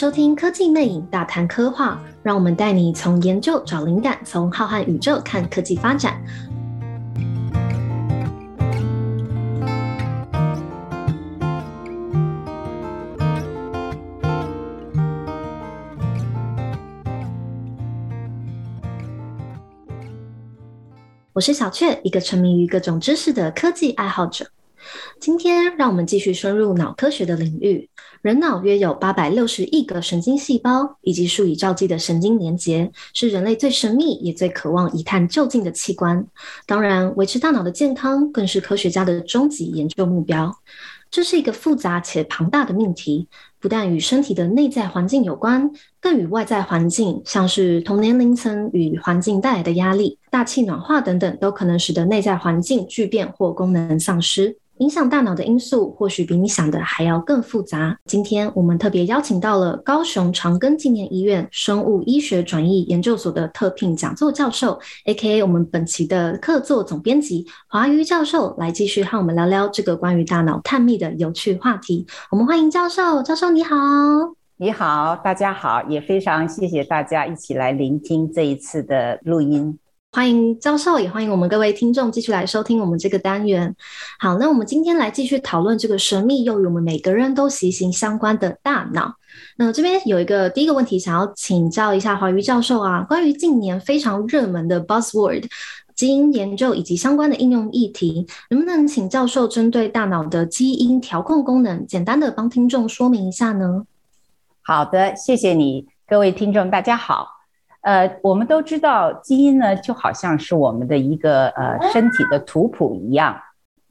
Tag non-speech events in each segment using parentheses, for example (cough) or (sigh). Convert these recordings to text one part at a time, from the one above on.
收聽《科技魅癮》，大談科幻，讓我們帶你從研究找靈感，從浩瀚宇宙看科技發展。我是小雀，一個沉迷於各種知識的科技愛好者。今天，讓我們繼續深入腦科學的領域。人腦約有八百六十億個神經細胞以及數以兆計的神經連結，是人類最神秘也最渴望一探究竟的器官。當然，維持大腦的健康更是科學家的終極研究目標。這是一個複雜且龐大的命題，不但與身體的內在環境有關，更與外在環境，像是同年齡層與環境帶來的壓力、大氣暖化等等，都可能使得內在環境劇變或功能喪失。影響大腦的因素，或許比你想的還要更複雜。今天我們特別邀請到了高雄長庚紀念醫院生物醫學轉譯研究所的特聘講座教授，aka 我們本期的客座總編輯華瑜教授，來繼續和我們聊聊這個關於大腦探秘的有趣話題。我們歡迎教授，教授你好，你好，大家好，也非常謝謝大家一起來聆聽這一次的錄音。歡迎教授，也歡迎我們各位聽眾繼續來收聽我們這個單元。好，那我們今天來繼續討論這個神秘又與我們每個人都息息相關的大腦。那這邊有一個第一個問題，想要請教一下華瑜教授啊，關於近年非常熱門的 buzzword 基因研究以及相關的應用議題，能不能請教授針對大腦的基因調控功能，簡單的幫聽眾說明一下呢？好的，謝謝你，各位聽眾，大家好。呃，我們都知道基因呢，就好像是我們的一個呃身體的圖譜一樣，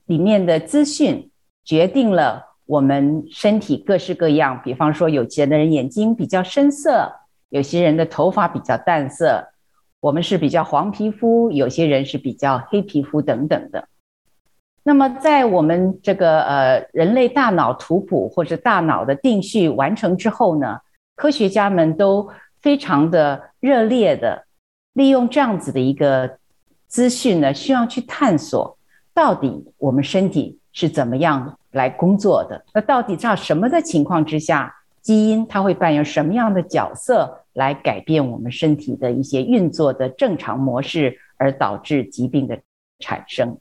裡面的資訊決定了我們身體各式各樣。比方說，有些人眼睛比較深色，有些人的頭髮比較淡色，我們是比較黃皮膚，有些人是比較黑皮膚等等的。那麼，在我們這個呃人類大腦圖譜或者大腦的定序完成之後呢，科學家們都，非常的熱烈的利用這樣子的一個資訊呢，需要去探索到底我們身體是怎麼樣來工作的。那到底在什麼的情況之下，基因它會扮演什麼樣的角色來改變我們身體的一些運作的正常模式，而導致疾病的產生？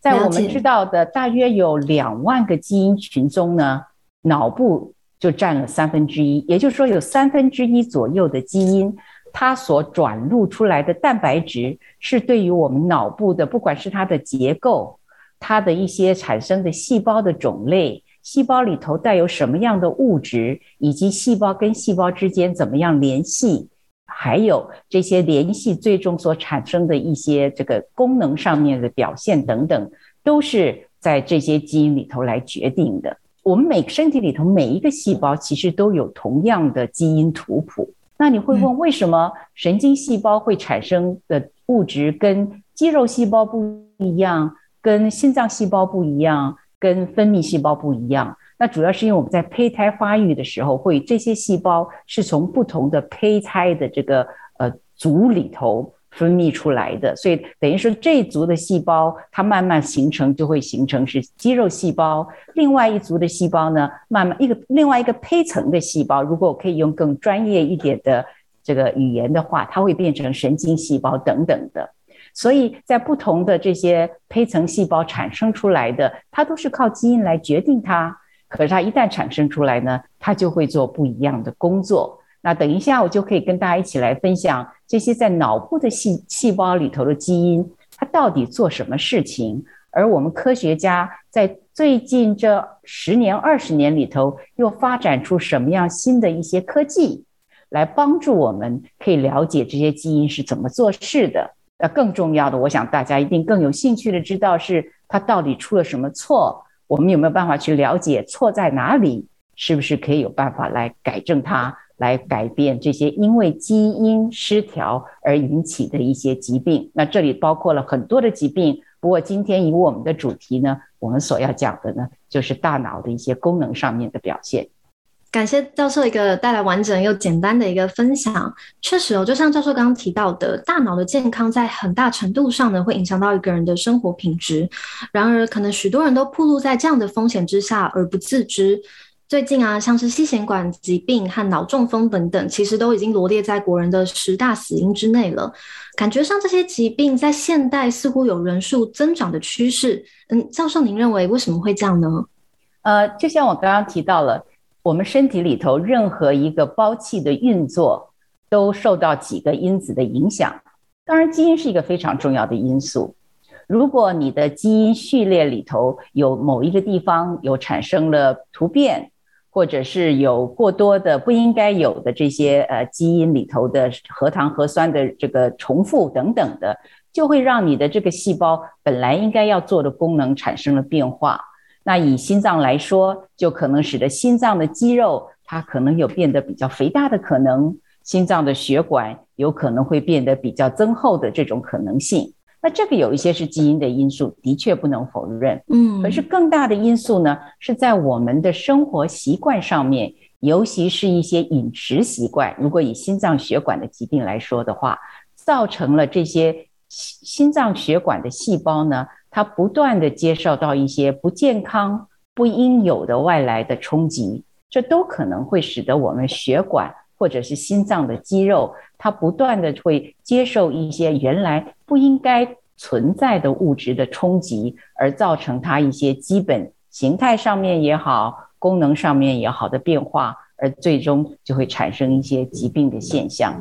在我們知道的大約有兩萬個基因群中呢，腦部。就佔了三分之一，3, 也就是說有，有三分之一左右的基因，它所轉錄出來的蛋白質是對於我們腦部的，不管是它的結構、它的一些產生的細胞的種類、細胞裡頭帶有什麼樣的物質，以及細胞跟細胞之間怎麼樣聯繫，還有這些聯繫最終所產生的一些這個功能上面的表現等等，都是在這些基因裡頭來決定的。我們每個身體裡頭每一個細胞其實都有同樣的基因圖譜。那你會問，為什麼神經細胞會產生的物質跟肌肉細胞不一樣，跟心臟細胞不一樣，跟分泌細胞不一樣？那主要是因為我們在胚胎發育的時候，會這些細胞是從不同的胚胎的這個呃組裡頭。分泌出來的，所以等於說這一組的細胞，它慢慢形成就會形成是肌肉細胞；另外一組的細胞呢，慢慢一個另外一個胚層的細胞，如果我可以用更專業一點的這個語言的話，它會變成神經細胞等等的。所以在不同的這些胚層細胞產生出來的，它都是靠基因來決定它。可是它一旦產生出來呢，它就會做不一樣的工作。那等一下，我就可以跟大家一起來分享這些在腦部的細細胞裡頭的基因，它到底做什麼事情？而我們科學家在最近這十年、二十年裡頭，又發展出什麼樣新的一些科技，來幫助我們可以了解這些基因是怎麼做事的？那更重要的，我想大家一定更有興趣的知道是它到底出了什麼錯？我們有沒有辦法去了解錯在哪裡？是不是可以有辦法來改正它？來改變這些因為基因失調而引起的一些疾病，那這裡包括了很多的疾病。不過今天以我們的主題呢，我們所要講的呢，就是大腦的一些功能上面的表現。感謝教授一個帶來完整又簡單的一個分享。確實哦，就像教授剛剛提到的，大腦的健康在很大程度上呢，會影響到一個人的生活品質。然而，可能許多人都暴露在這樣的風險之下而不自知。最近啊，像是心血管疾病和腦中風等等，其實都已經羅列在國人的十大死因之內了。感覺上這些疾病在現代似乎有人數增長的趨勢。嗯，教授，您認為為什麼會這樣呢？呃，就像我剛剛提到了，我們身體裡頭任何一個胞器的運作都受到幾個因子的影響。當然，基因是一個非常重要的因素。如果你的基因序列裡頭有某一個地方有產生了突變，或者是有過多的不應該有的這些呃基因裡頭的核糖核酸的這個重複等等的，就會讓你的這個細胞本來應該要做的功能產生了變化。那以心臟來說，就可能使得心臟的肌肉它可能有變得比較肥大的可能，心臟的血管有可能會變得比較增厚的這種可能性。那這個有一些是基因的因素，的確不能否認。嗯，可是更大的因素呢，是在我們的生活習慣上面，尤其是一些飲食習慣。如果以心臟血管的疾病來說的話，造成了這些心心臟血管的細胞呢，它不斷地接受到一些不健康、不應有的外來的衝擊，這都可能會使得我們血管。或者是心臟的肌肉，它不斷地會接受一些原來不應該存在的物質的衝擊，而造成它一些基本形態上面也好、功能上面也好的變化，而最終就會產生一些疾病的現象。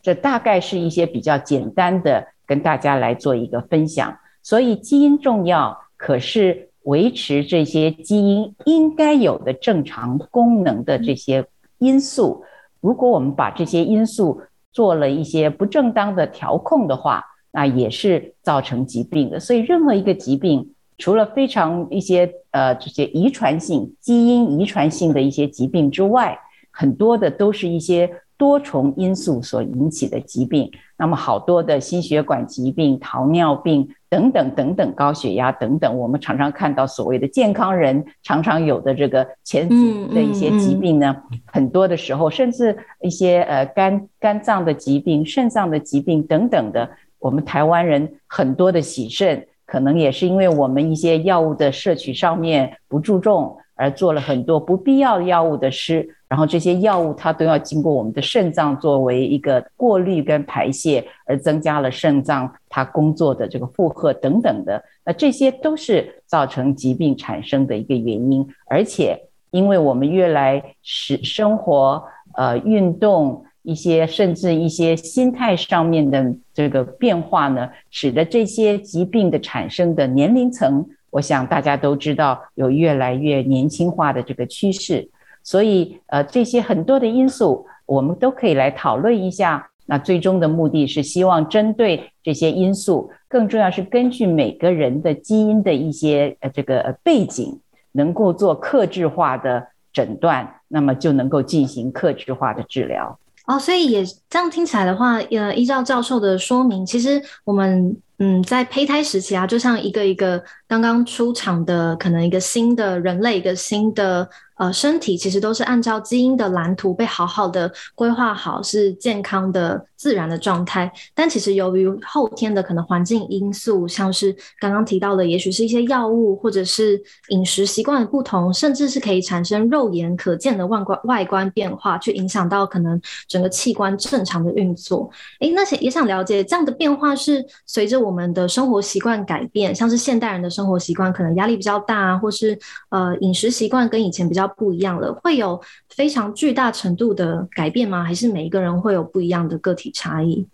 這大概是一些比較簡單的跟大家來做一個分享。所以基因重要，可是維持這些基因應該有的正常功能的這些因素。如果我們把這些因素做了一些不正當的調控的話，那也是造成疾病的。所以，任何一個疾病，除了非常一些，呃，這些遺傳性、基因遺傳性的一些疾病之外，很多的都是一些多重因素所引起的疾病。那麼，好多的心血管疾病、糖尿病。等等等等，高血壓等等，我們常常看到所謂的健康人常常有的這個前期的一些疾病呢，很多的時候甚至一些呃肝肝臟的疾病、腎臟的疾病等等的，我們台灣人很多的洗腎，可能也是因為我們一些藥物的攝取上面不注重，而做了很多不必要的藥物的失。然後這些藥物它都要經過我們的腎臟作為一個過濾跟排泄，而增加了腎臟它工作的這個負荷等等的，那這些都是造成疾病產生的一個原因。而且，因為我們越來使生活、呃運動一些，甚至一些心態上面的這個變化呢，使得這些疾病的產生的年齡層，我想大家都知道有越來越年輕化的這個趨勢。所以，呃，這些很多的因素，我們都可以來討論一下。那最終的目的是希望針對這些因素，更重要是根據每個人的基因的一些呃這個背景，能夠做客製化的診斷，那麼就能夠進行客製化的治療。哦，所以也這樣聽起來的話，呃，依照教授的說明，其實我們嗯在胚胎時期啊，就像一個一個剛剛出廠的，可能一個新的人類，一個新的。呃，身體其實都是按照基因的藍圖被好好的規劃好，是健康的自然的狀態。但其實由於後天的可能環境因素，像是剛剛提到的，也許是一些藥物，或者是飲食習慣的不同，甚至是可以產生肉眼可見的外觀外觀變化，去影響到可能整個器官正常的運作。誒，那也也想了解，這樣的變化是隨着我們的生活習慣改變，像是現代人的生活習慣可能壓力比較大，或是，呃，飲食習慣跟以前比較。不一樣了，會有非常巨大程度的改變嗎？還是每一個人會有不一樣的個體差異？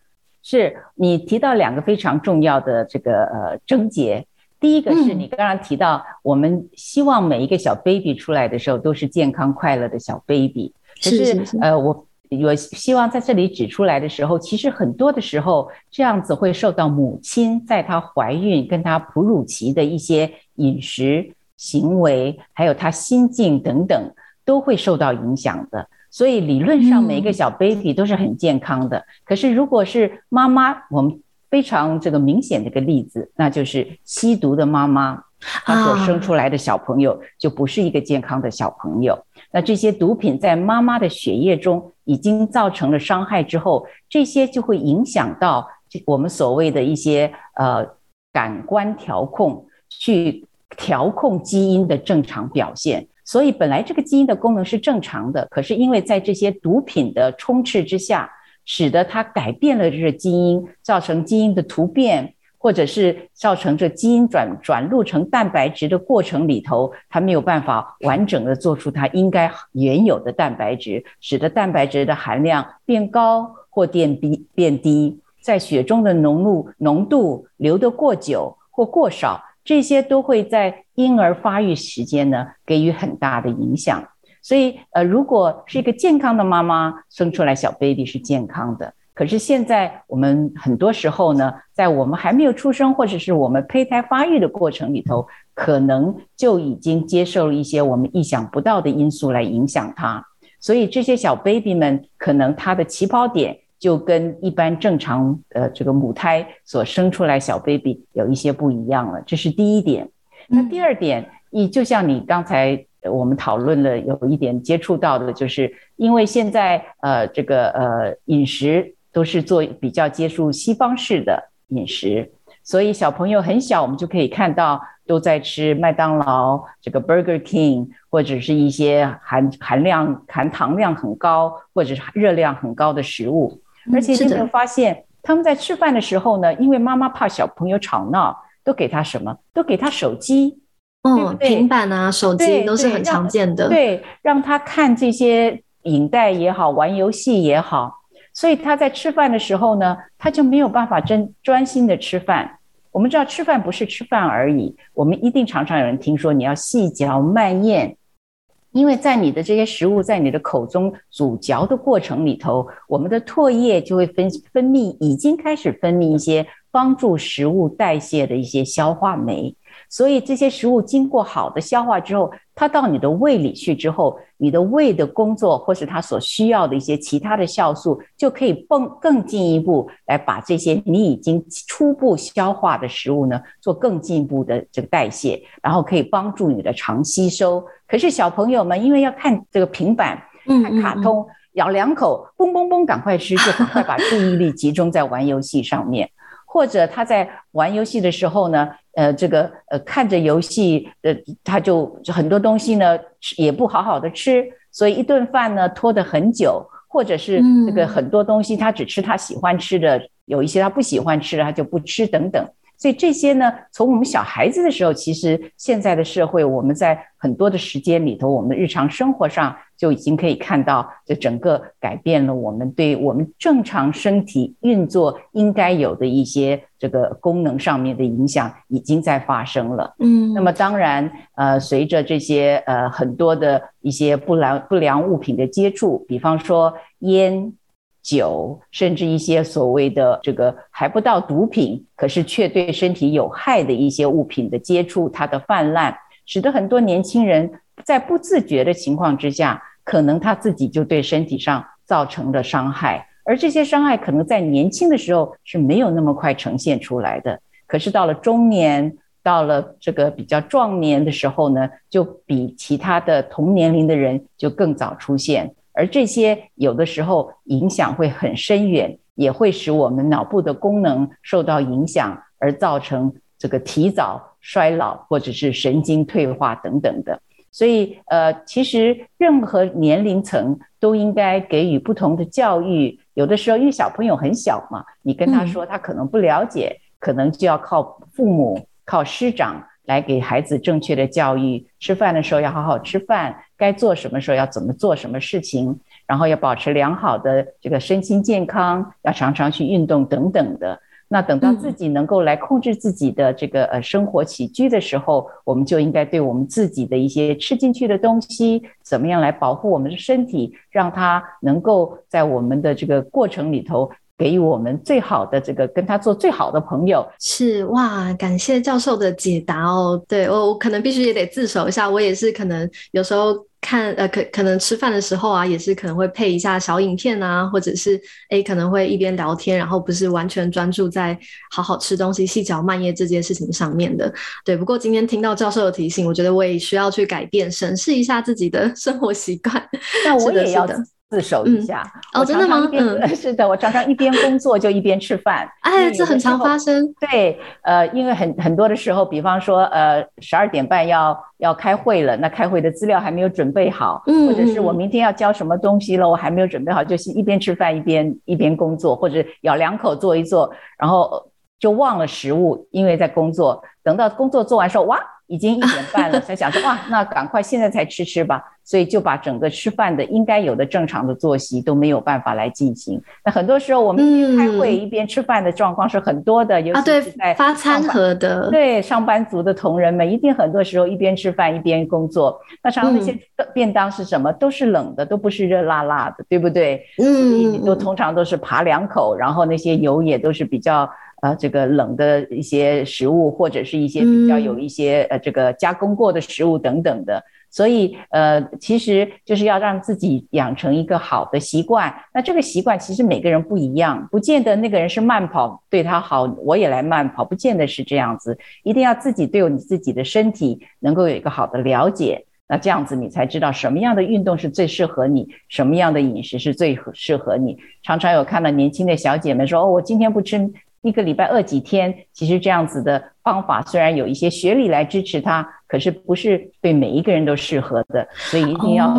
是，你提到兩個非常重要的這個呃癥結，第一個是你剛剛提到，我們希望每一個小 baby 出來的時候都是健康快樂的小 baby，只是，是，是，是呃我我希望在這裡指出來的時候，其實很多的時候這樣子會受到母親在她懷孕跟她哺乳期的一些飲食。行為還有他心境等等都會受到影響的，所以理論上每一個小 baby 都是很健康的。嗯、可是如果是媽媽，我們非常這個明顯的一個例子，那就是吸毒的媽媽，她所生出來的小朋友就不是一個健康的小朋友。啊、那這些毒品在媽媽的血液中已經造成了傷害之後，這些就會影響到我們所謂的一些呃感官調控去調控基因的正常表現，所以本來這個基因的功能是正常的，可是因為在這些毒品的充斥之下，使得它改變了這個基因，造成基因的突變，或者是造成這基因轉轉錄成蛋白質的過程裡頭，它沒有辦法完整地做出它應該原有的蛋白質，使得蛋白質的含量變高或變低，變低在血中的濃度濃度留得過久或過少。這些都會在嬰兒發育時間呢給予很大的影響，所以呃，如果是一個健康的媽媽生出來小 baby 是健康的，可是現在我們很多時候呢，在我們還沒有出生或者是我們胚胎發育的過程裡頭，可能就已經接受了一些我們意想不到的因素來影響他。所以這些小 baby 們可能他的起跑點。就跟一般正常呃這個母胎所生出來小 baby 有一些不一樣了，這是第一點。那第二點，你就像你剛才我們討論了有一點接觸到的，就是因為現在呃這個呃飲食都是做比較接觸西方式的飲食，所以小朋友很小我們就可以看到都在吃麥當勞、這個 Burger King 或者是一些含含量含糖量很高或者是熱量很高的食物。而且你有沒有發現，嗯、他們在吃飯的時候呢，因為媽媽怕小朋友吵鬧，都給他什麼？都給他手機，嗯、哦，對不對？平板啊，手機都是很常見的對對，對，讓他看這些影帶也好，玩遊戲也好。所以他在吃飯的時候呢，他就沒有辦法真專心的吃飯。我們知道吃飯不是吃飯而已，我們一定常常有人聽說你要細嚼慢嚥。因為在你的這些食物在你的口中咀嚼的過程裡頭，我們的唾液就會分分泌，已經開始分泌一些幫助食物代謝的一些消化酶。所以這些食物經過好的消化之後，它到你的胃裡去之後，你的胃的工作或是它所需要的一些其他的酵素，就可以蹦更進一步來把這些你已經初步消化的食物呢做更進一步的這個代謝，然後可以幫助你的腸吸收。可是小朋友們因為要看這個平板，嗯嗯嗯，看卡通，咬兩口，嘣嘣嘣，趕快吃，就趕快把注意力集中在玩遊戲上面， (laughs) 或者他在玩遊戲的時候呢。呃，這個呃，看着遊戲，呃，他就很多東西呢，吃，也不好好的吃，所以一頓飯呢拖得很久，或者是這個很多東西他只吃他喜歡吃的，嗯、有一些他不喜歡吃的他就不吃等等，所以這些呢，從我們小孩子的時候，其實現在的社會，我們在很多的時間裡頭，我們的日常生活上。就已經可以看到，這整個改變了我們對我們正常身體運作應該有的一些這個功能上面的影響，已經在發生了。嗯，那麼當然，呃，隨着這些呃很多的一些不良不良物品的接觸，比方說煙、酒，甚至一些所謂的這個還不到毒品，可是卻對身體有害的一些物品的接觸，它的泛濫。使得很多年輕人在不自覺的情況之下，可能他自己就對身體上造成了傷害，而這些傷害可能在年輕的時候是沒有那麼快呈現出來的。可是到了中年，到了這個比較壯年的時候呢，就比其他的同年齡的人就更早出現，而這些有的時候影響會很深遠，也會使我們腦部的功能受到影響，而造成。這個提早衰老或者是神經退化等等的，所以呃，其實任何年齡層都應該給予不同的教育。有的時候，因為小朋友很小嘛，你跟他說他可能不了解，可能就要靠父母、靠師長來給孩子正確的教育。吃飯的時候要好好吃飯，該做什麼時候要怎麼做什麼事情，然後要保持良好的這個身心健康，要常常去運動等等的。那等到自己能夠來控制自己的這個呃生活起居的時候，我們就應該對我們自己的一些吃進去的東西，怎麼樣來保護我們的身體，讓它能夠在我們的這個過程裡頭給予我們最好的這個，跟他做最好的朋友是。是哇，感謝教授的解答哦。對我，我可能必須也得自首一下，我也是可能有時候。看呃可可能吃飯的時候啊，也是可能會配一下小影片啊，或者是誒、欸，可能會一邊聊天，然後不是完全專注在好好吃東西、細嚼慢嚥這件事情上面的。對，不過今天聽到教授的提醒，我覺得我也需要去改變，審視一下自己的生活習慣。那我， (laughs) 我也要的。自首一下，嗯、哦，我常常一邊真的嗎？嗯、是的，我常常一邊工作就一邊吃飯。哎呀，這很常發生。對，呃，因為很很多的時候，比方說，呃，十二點半要要開會了，那開會的資料還沒有準備好，嗯，或者是我明天要交什麼東西了，我還沒有準備好，嗯嗯，就是一邊吃飯一邊一邊工作，或者咬兩口做一做，然後就忘了食物，因為在工作。等到工作做完時候，哇！已經一點半了 (laughs) 才想說，哇，那趕快現在才吃吃吧，所以就把整個吃飯的應該有的正常的作息都沒有辦法來進行。那很多時候我們一邊開會一邊吃飯的狀況是很多的，嗯、尤其是在、啊、發餐盒的，對上班族的同仁們，一定很多時候一邊吃飯一邊工作。那常常那些便當是什麼，嗯、都是冷的，都不是熱辣辣的，對不對？嗯，都通常都是扒兩口，然後那些油也都是比較。啊，這個冷的一些食物，或者是一些比較有一些呃，這個加工過的食物等等的，所以呃，其實就是要讓自己養成一個好的習慣。那這個習慣其實每個人不一樣，不見得那個人是慢跑對他好，我也來慢跑，不見得是這樣子。一定要自己對你自己的身體能夠有一個好的了解，那這樣子你才知道什麼樣的運動是最適合你，什麼樣的飲食是最適合你。常常有看到年輕的小姐們說，哦，我今天不吃。一個禮拜餓幾天，其實這樣子的方法雖然有一些學理來支持它，可是不是對每一個人都適合的，所以一定要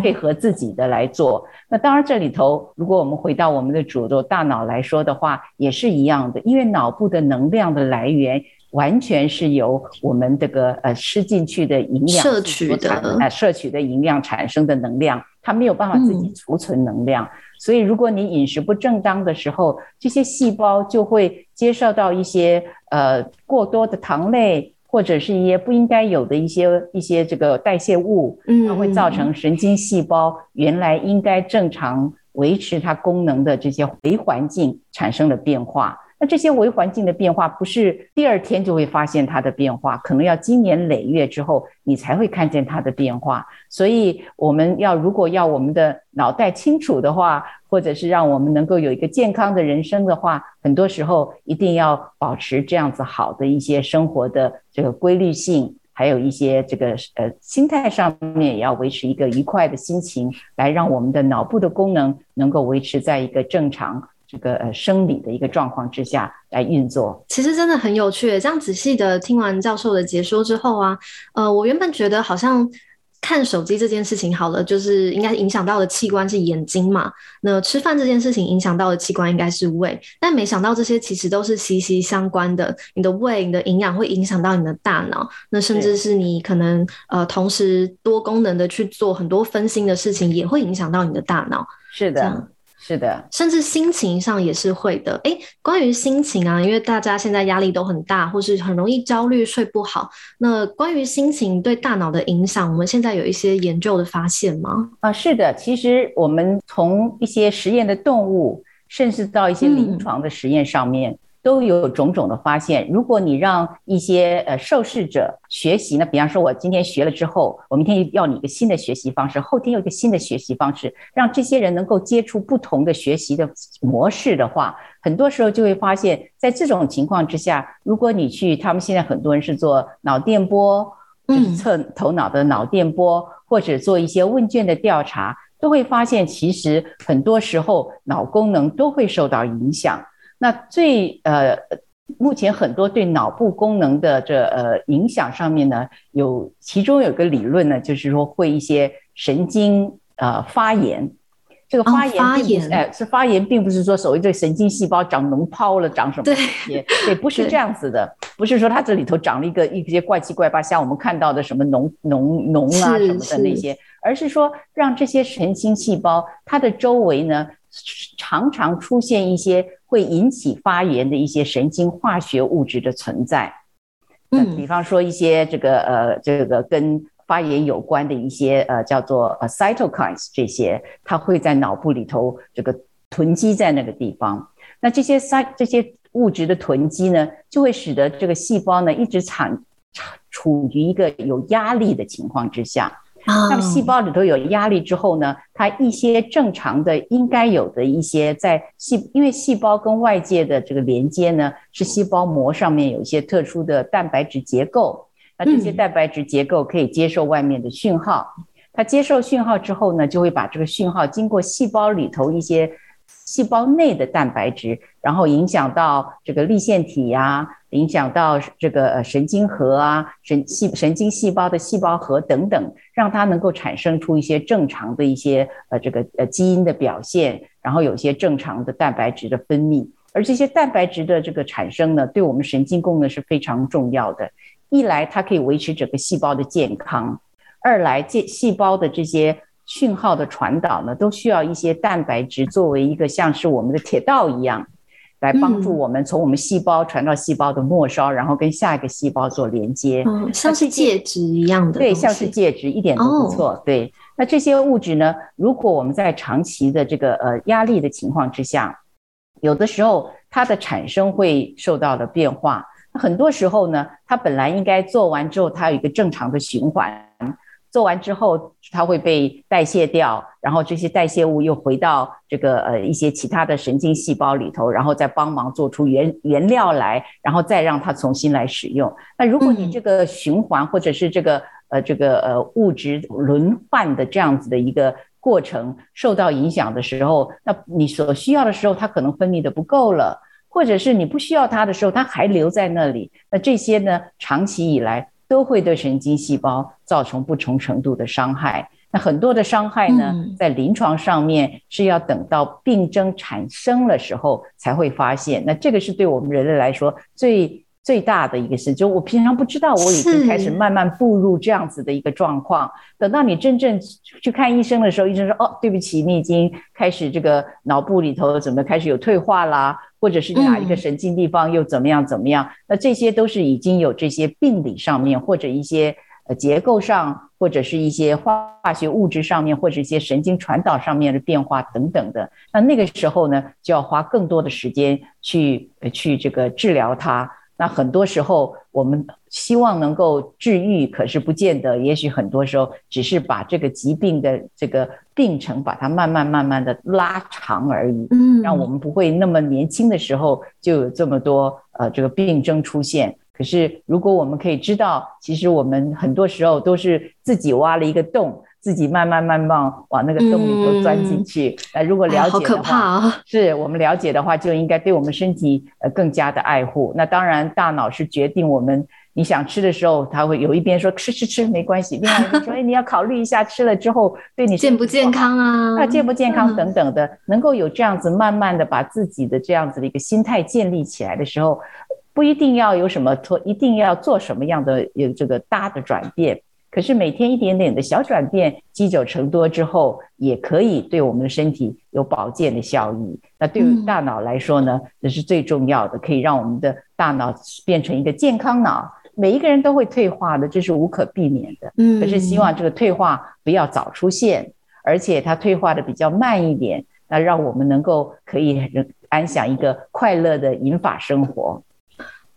配合自己的來做。Oh. 那當然，這裡頭如果我們回到我們的主動大腦來說的話，也是一樣的，因為腦部的能量的來源。完全是由我們這個呃吃進去的營養攝取的、呃、攝取的營養產生的能量，它沒有辦法自己儲存能量。嗯、所以，如果你飲食不正當的時候，這些細胞就會接受到一些呃過多的糖類，或者是一些不應該有的一些一些這個代謝物，它會造成神經細胞原來應該正常維持它功能的這些微環境產生了變化。嗯嗯那這些微環境的變化不是第二天就會發現它的變化，可能要經年累月之後你才會看見它的變化。所以我們要，如果要我們的腦袋清楚的話，或者是讓我們能夠有一個健康的人生的話，很多時候一定要保持這樣子好的一些生活的這個規律性，還有一些這個，呃，心態上面也要維持一個愉快的心情，來讓我們的腦部的功能能夠維持在一個正常。這個呃生理的一個狀況之下來運作，其實真的很有趣。這樣仔細的聽完教授的解說之後啊，呃，我原本覺得好像看手機這件事情好了，就是應該影響到的器官是眼睛嘛。那吃飯這件事情影響到的器官應該是胃，但沒想到這些其實都是息息相關的。你的胃、你的營養會影響到你的大腦，那甚至是你可能是呃同時多功能的去做很多分心的事情，也會影響到你的大腦。是的。是的，甚至心情上也是會的。誒，關於心情啊，因為大家現在壓力都很大，或是很容易焦慮、睡不好。那關於心情對大腦的影響，我們現在有一些研究的發現嗎？啊、呃，是的，其實我們從一些實驗的動物，甚至到一些臨床的實驗上面。嗯都有種種的發現。如果你讓一些呃受試者學習呢，比方說，我今天學了之後，我明天要你一個新的學習方式，後天又一個新的學習方式，讓這些人能夠接觸不同的學習的模式的話，很多時候就會發現，在這種情況之下，如果你去，他們現在很多人是做腦電波，就是測頭腦的腦電波，或者做一些問卷的調查，都會發現，其實很多時候腦功能都會受到影響。那最呃，目前很多對腦部功能的這呃影響上面呢，有其中有個理論呢，就是說會一些神經呃發炎，這個發炎，並不是是發炎，並不是說所謂這神經細胞長膿泡了，長什麼也對不是這樣子的，對不是說它這裡頭長了一個一些怪七怪八，像我們看到的什麼膿膿膿啊什麼的那些，是是而是說讓這些神經細胞它的周圍呢。常常出現一些會引起發炎的一些神經化學物質的存在，嗯，那比方說一些這個呃這個跟發炎有關的一些呃叫做 cytokines 這些，它會在腦部裡頭這個囤積在那個地方。那這些三這些物質的囤積呢，就會使得這個細胞呢一直產處於一個有壓力的情況之下。那麼細胞裡頭有壓力之後呢，它一些正常的應該有的一些在細，因為細胞跟外界的這個連接呢，是細胞膜上面有一些特殊的蛋白質結構，那這些蛋白質結構可以接受外面的訊號，嗯，它接受訊號之後呢，就會把這個訊號經過細胞裡頭一些。細胞內的蛋白質，然後影響到這個粒線體呀、啊，影響到這個神經核啊、神細神經細胞的細胞核等等，讓它能夠產生出一些正常的一些呃這個呃基因的表現，然後有一些正常的蛋白質的分泌。而這些蛋白質的這個產生呢，對我們神經功能是非常重要的。一來它可以維持整個細胞的健康，二來這細，細胞的這些。訊號的傳導呢，都需要一些蛋白質作為一個像是我們的鐵道一樣，來幫助我們從我們細胞傳到細胞的末梢，嗯、然後跟下一個細胞做連接，嗯、像是介質一樣的。對，像是介質，一點都不錯。哦、對，那這些物質呢，如果我們在長期的這個呃壓力的情況之下，有的時候它的產生會受到了變化。那很多時候呢，它本來應該做完之後，它有一個正常的循環。做完之後，它會被代謝掉，然後這些代謝物又回到這個呃一些其他的神經細胞裡頭，然後再幫忙做出原原料來，然後再讓它重新來使用。那如果你這個循環或者是這個呃這個呃物質輪換的這樣子的一個過程受到影響的時候，那你所需要的時候它可能分泌得不夠了，或者是你不需要它的時候它還留在那裡，那這些呢長期以來。都會對神經細胞造成不同程度的傷害。那很多的傷害呢，在臨床上面是要等到病症產生的時候才會發現。那這個是對我們人類來說最。最大的一個事，就我平常不知道，我已經開始慢慢步入這樣子的一個狀況。等到你真正去看醫生的時候，醫生說：“哦，對不起，你已經開始這個腦部裡頭怎麼開始有退化啦，或者是哪一個神經地方又怎麼樣怎麼樣？”嗯嗯，那這些都是已經有這些病理上面或者一些呃結構上或者是一些化學物質上面或者一些神經傳導上面的變化等等的。那那個時候呢，就要花更多的時間去去這個治療它。那很多時候，我們希望能夠治癒，可是不見得。也許很多時候，只是把這個疾病的這個病程，把它慢慢慢慢的拉長而已。嗯，讓我們不會那麼年輕的時候就有這麼多呃這個病症出現。可是如果我們可以知道，其實我們很多時候都是自己挖了一個洞。自己慢慢慢慢往那個洞裡頭鑽進去。呃、嗯，如果了解的話，哎、好可怕啊！是我們了解的話，就應該對我們身體呃更加的愛護。那當然，大腦是決定我們，你想吃的時候，它會有一邊說吃吃吃沒關係，另外一邊說、 (laughs) 哎、你要考慮一下吃了之後對你健不健康啊，那健不健康等等的，嗯、能夠有這樣子慢慢的把自己的這樣子的一個心態建立起來的時候，不一定要有什麼一定要做什麼樣的有這個大的轉變。可是每天一點點的小轉變，積久成多之後，也可以對我們的身體有保健的效益。那對於大腦來說呢，嗯、這是最重要的，可以讓我們的大腦變成一個健康腦。每一個人都會退化的，這是無可避免的。嗯、可是希望這個退化不要早出現，而且它退化的比較慢一點，那讓我們能夠可以安享一個快樂的銀髮生活。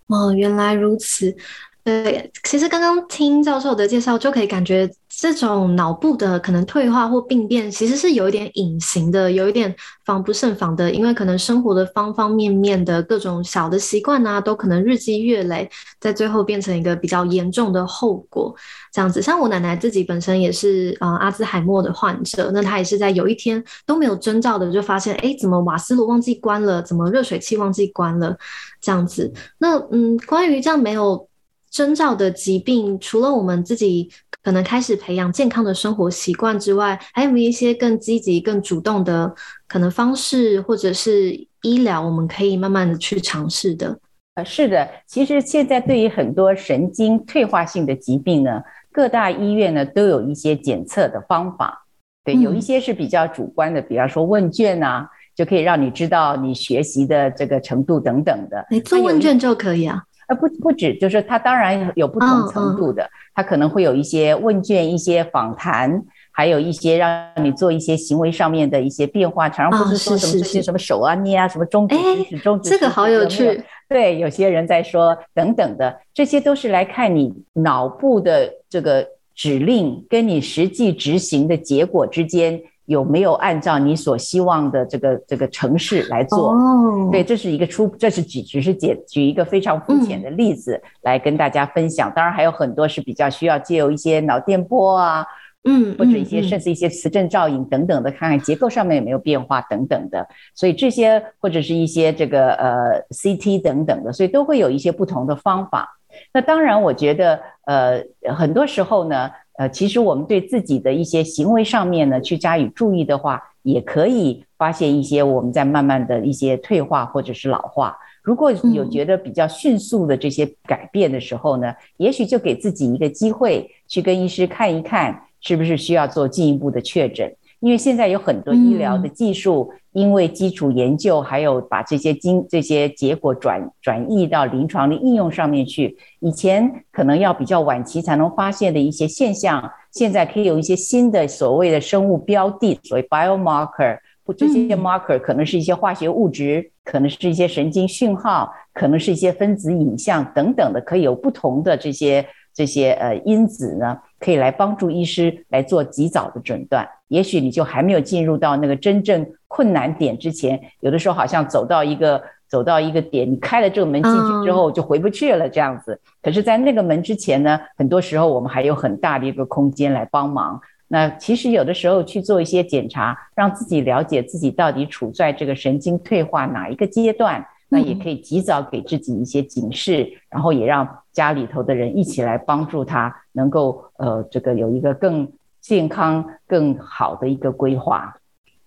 哦，原來如此。對，其實剛剛聽教授的介紹，就可以感覺這種腦部的可能退化或病變，其實是有一點隱形的，有一點防不勝防的。因為可能生活的方方面面的各種小的習慣吶、啊，都可能日積月累，在最後變成一個比較嚴重的後果。這樣子，像我奶奶自己本身也是啊、呃、阿茲海默的患者，那她也是在有一天都沒有徵兆的就發現，哎，怎麼瓦斯爐忘記關了，怎麼熱水器忘記關了，這樣子。那嗯，關於這樣沒有徵兆的疾病，除了我們自己可能開始培養健康的生活習慣之外，還有一些更積極、更主動的可能方式，或者是醫療，我們可以慢慢的去嘗試的。呃，是的，其實現在對於很多神經退化性的疾病呢，各大醫院呢都有一些檢測的方法。對，有一些是比較主觀的，嗯，比方說問卷啊，就可以讓你知道你學習的這個程度等等的。你做問卷就可以啊。那不不止，就是它當然有不同程度的，oh, uh huh. 它可能會有一些問卷、一些訪談，還有一些讓你做一些行為上面的一些變化，常常不是說什麼這些、oh, 什麼手啊捏啊什麼中指，指、誒中指，指，這個好有趣有。對，有些人在說等等的，這些都是來看你腦部的這個指令跟你實際執行的結果之間。有沒有按照你所希望的這個這個程式來做？Oh. 對，這是一個初，這是舉，只是解，舉一個非常膚淺的例子來跟大家分享。嗯、當然還有很多是比較需要借由一些腦電波啊，嗯，嗯，嗯，或者一些甚至一些磁振造影等等的，看看嗯嗯結構上面有沒有變化等等的。所以這些或者是一些這個呃 CT 等等的，所以都會有一些不同的方法。那當然，我覺得呃很多時候呢。呃，其實我們對自己的一些行為上面呢，去加以注意的話，也可以發現一些我們在慢慢的一些退化或者是老化。如果有覺得比較迅速的這些改變的時候呢，嗯，也許就給自己一個機會去跟醫師看一看，是不是需要做進一步的確診。因為現在有很多醫療的技術，嗯、因為基礎研究，還有把這些經這些結果轉轉移到臨床的應用上面去。以前可能要比較晚期才能發現的一些現象，現在可以有一些新的所謂的生物標的，所謂 biomarker，不，這些 marker 可能是一些化學物質，嗯、可能是一些神經訊號，可能是一些分子影像等等的，可以有不同的這些這些呃因子呢，可以來幫助醫師來做及早的診斷。也許你就還沒有進入到那個真正困難點之前，有的時候好像走到一個走到一個點，你開了這個門進去之後就回不去了這樣子。嗯、可是，在那個門之前呢，很多時候我們還有很大的一個空間來幫忙。那其實有的時候去做一些檢查，讓自己了解自己到底處在這個神經退化哪一個階段，那也可以及早給自己一些警示，嗯、然後也讓家裡頭的人一起來幫助他，能夠呃這個有一個更。健康更好的一個規劃，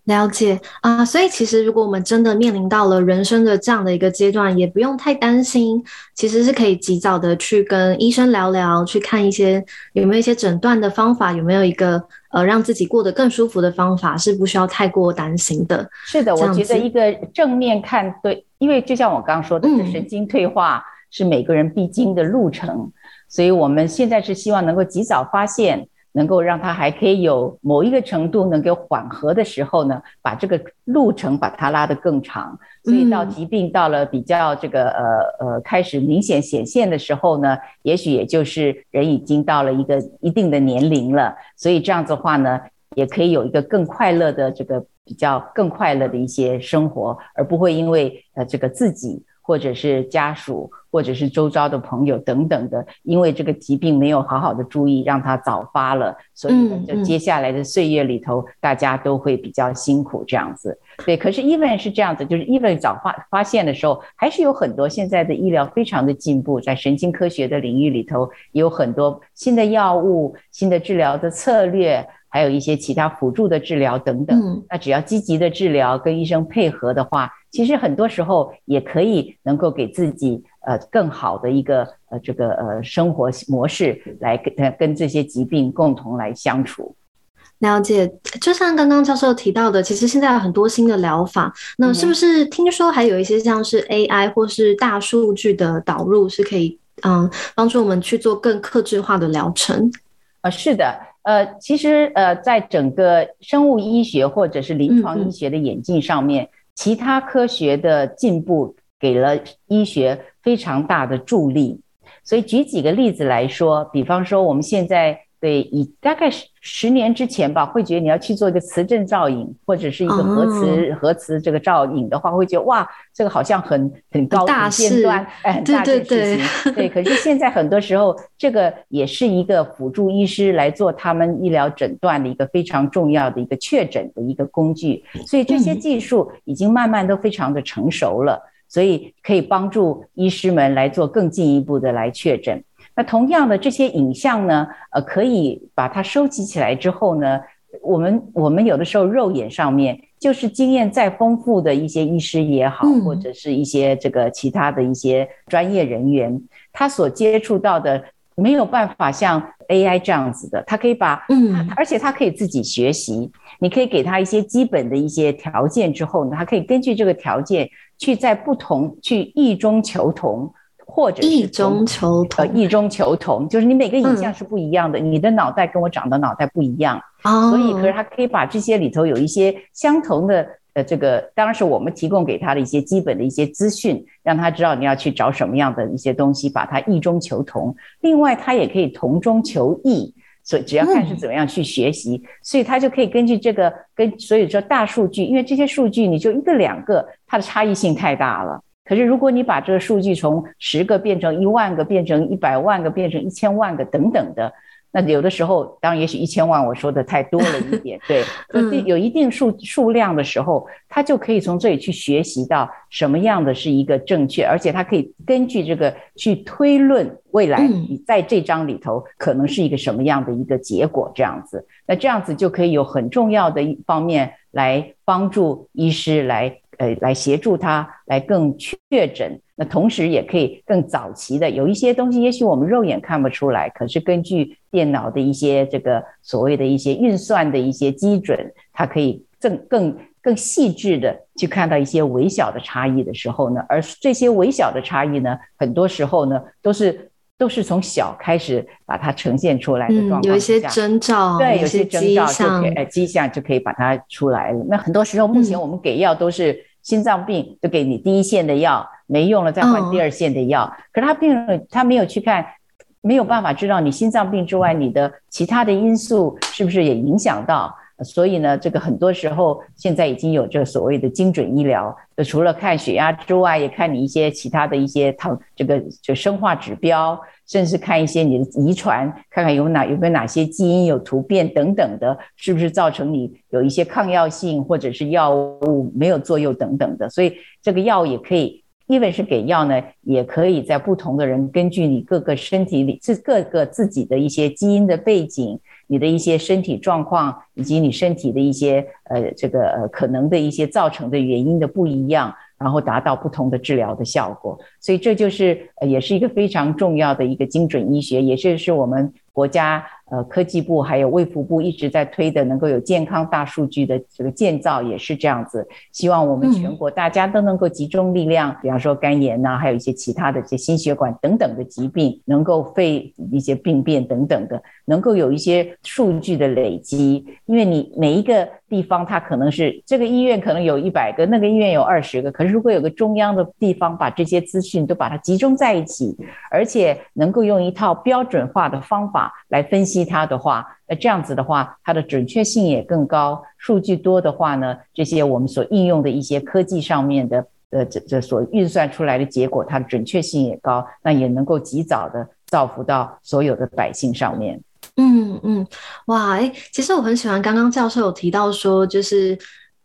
了解啊。Uh, 所以其實如果我們真的面臨到了人生的這樣的一個階段，也不用太擔心。其實是可以及早的去跟醫生聊聊，去看一些有沒有一些診斷的方法，有沒有一個呃讓自己過得更舒服的方法，是不需要太過擔心的。是的，我覺得一個正面看，對，因為就像我剛剛說的，嗯、神經退化是每個人必經的路程，所以我們現在是希望能夠及早發現。能夠讓他還可以有某一個程度能夠緩和的時候呢，把這個路程把它拉得更長，所以到疾病到了比較這個呃呃開始明顯顯現的時候呢，也許也就是人已經到了一個一定的年齡了，所以這樣子的話呢，也可以有一個更快樂的這個比較更快樂的一些生活，而不會因為呃這個自己或者是家屬。或者是周遭的朋友等等的，因為這個疾病沒有好好的注意，讓他早發了，所以呢，就接下來的歲月裡頭，大家都會比較辛苦這樣子。對，可是 even 是這樣子，就是 even 早發發現的時候，還是有很多現在的醫療非常的進步，在神經科學的領域裡頭，有很多新的藥物、新的治療的策略，還有一些其他輔助的治療等等。那只要積極的治療，跟醫生配合的話。其實很多時候也可以能夠給自己呃更好的一個呃這個呃生活模式來跟跟這些疾病共同來相處。了解，就像剛剛教授提到的，其實現在有很多新的療法。那是不是聽說還有一些像是 AI 或是大數據的導入是可以嗯幫助我們去做更客製化的療程？啊，是的，呃，其實呃在整個生物醫學或者是臨床醫學的演進上面。嗯嗯其他科學的進步給了醫學非常大的助力，所以舉幾個例子來說，比方說我們現在。對，以大概十年之前吧，會覺得你要去做一個磁振造影，或者是一個核磁、oh. 核磁這個造影的話，會覺得哇，這個好像很很高大尖端，大哎，很大的事情對，對，對，對，可是現在很多時候，這個也是一個輔助醫師來做他們醫療診斷的一個非常重要的一個確診的一個工具。所以這些技術已經慢慢都非常的成熟了，所以可以幫助醫師們來做更進一步的來確診。那同樣的這些影像呢，呃，可以把它收集起來之後呢，我們我們有的時候肉眼上面就是經驗再豐富的一些醫師也好，嗯、或者是一些這個其他的一些專業人員，他所接觸到的沒有辦法像 AI 這樣子的，他可以把，嗯，而且他可以自己學習，你可以給他一些基本的一些條件之後呢，他可以根據這個條件去在不同去異中求同。或者是異中求同，呃，異中求同，就是你每個影像是不一樣的，嗯、你的腦袋跟我長的腦袋不一樣，嗯、所以可是他可以把這些裡頭有一些相同的，呃，這個當然是我們提供給他的一些基本的一些資訊，讓他知道你要去找什麼樣的一些東西，把它異中求同。另外，他也可以同中求異，所以只要看是怎麼樣去學習，嗯、所以他就可以根據這個跟所以說大數據，因為這些數據你就一個兩個，它的差異性太大了。可是，如果你把這個數據從十個變成一萬個，變成一百萬個，變成一千萬個等等的，那有的時候，當然也許一千萬我說的太多了一點， (laughs) 對，有有一定數數量的時候，他就可以從這裡去學習到什麼樣的是一個正確，而且他可以根據這個去推論未來你在這章裡頭可能是一個什麼樣的一個結果，嗯、這樣子，那這樣子就可以有很重要的一方面來幫助醫師來。呃，來協助他來更確診，那同時也可以更早期的有一些東西，也許我們肉眼看不出來，可是根據電腦的一些這個所謂的一些運算的一些基準，它可以更更更細緻的去看到一些微小的差異的時候呢，而這些微小的差異呢，很多時候呢都是。都是從小開始把它呈現出來的狀態，嗯，有一些徵兆，對，有些徵兆就給、欸、跡象就可以把它出來了。那很多時候，目前我們給藥都是心臟病，嗯、就給你第一線的藥，沒用了再換第二線的藥。哦、可是他並沒有，他沒有去看，沒有辦法知道你心臟病之外，你的其他的因素是不是也影響到。所以呢，這個很多時候，現在已經有這所謂的精準醫療，就除了看血壓之外，也看你一些其他的一些糖，這個就生化指標，甚至看一些你的遺傳，看看有哪有沒有哪些基因有突變等等的，是不是造成你有一些抗藥性，或者是藥物沒有作用等等的。所以這個藥也可以，因為是給藥呢，也可以在不同的人根據你各個身體裡是各個自己的一些基因的背景，你的一些身體狀況，以及你身體的一些呃，這個呃，可能的一些造成的原因的不一樣，然後達到不同的治療的效果。所以這就是也是一個非常重要的一個精準醫學，也是是我們國家。呃，科技部還有衛福部一直在推的，能夠有健康大數據的這個建造也是這樣子。希望我們全國大家都能夠集中力量，比方說肝炎吶、啊，還有一些其他的這些心血管等等的疾病，能夠肺一些病變等等的，能夠有一些數據的累積。因為你每一個地方它可能是這個醫院可能有一百個，那個醫院有二十個，可是如果有個中央的地方把這些資訊都把它集中在一起，而且能夠用一套標準化的方法來分析。其他的話，那這樣子的話，它的準確性也更高。數據多的話呢，這些我們所應用的一些科技上面的，呃，這這所運算出來的結果，它的準確性也高，那也能夠及早的造福到所有的百姓上面。嗯嗯，哇，哎、欸，其實我很喜歡剛剛教授有提到說，就是。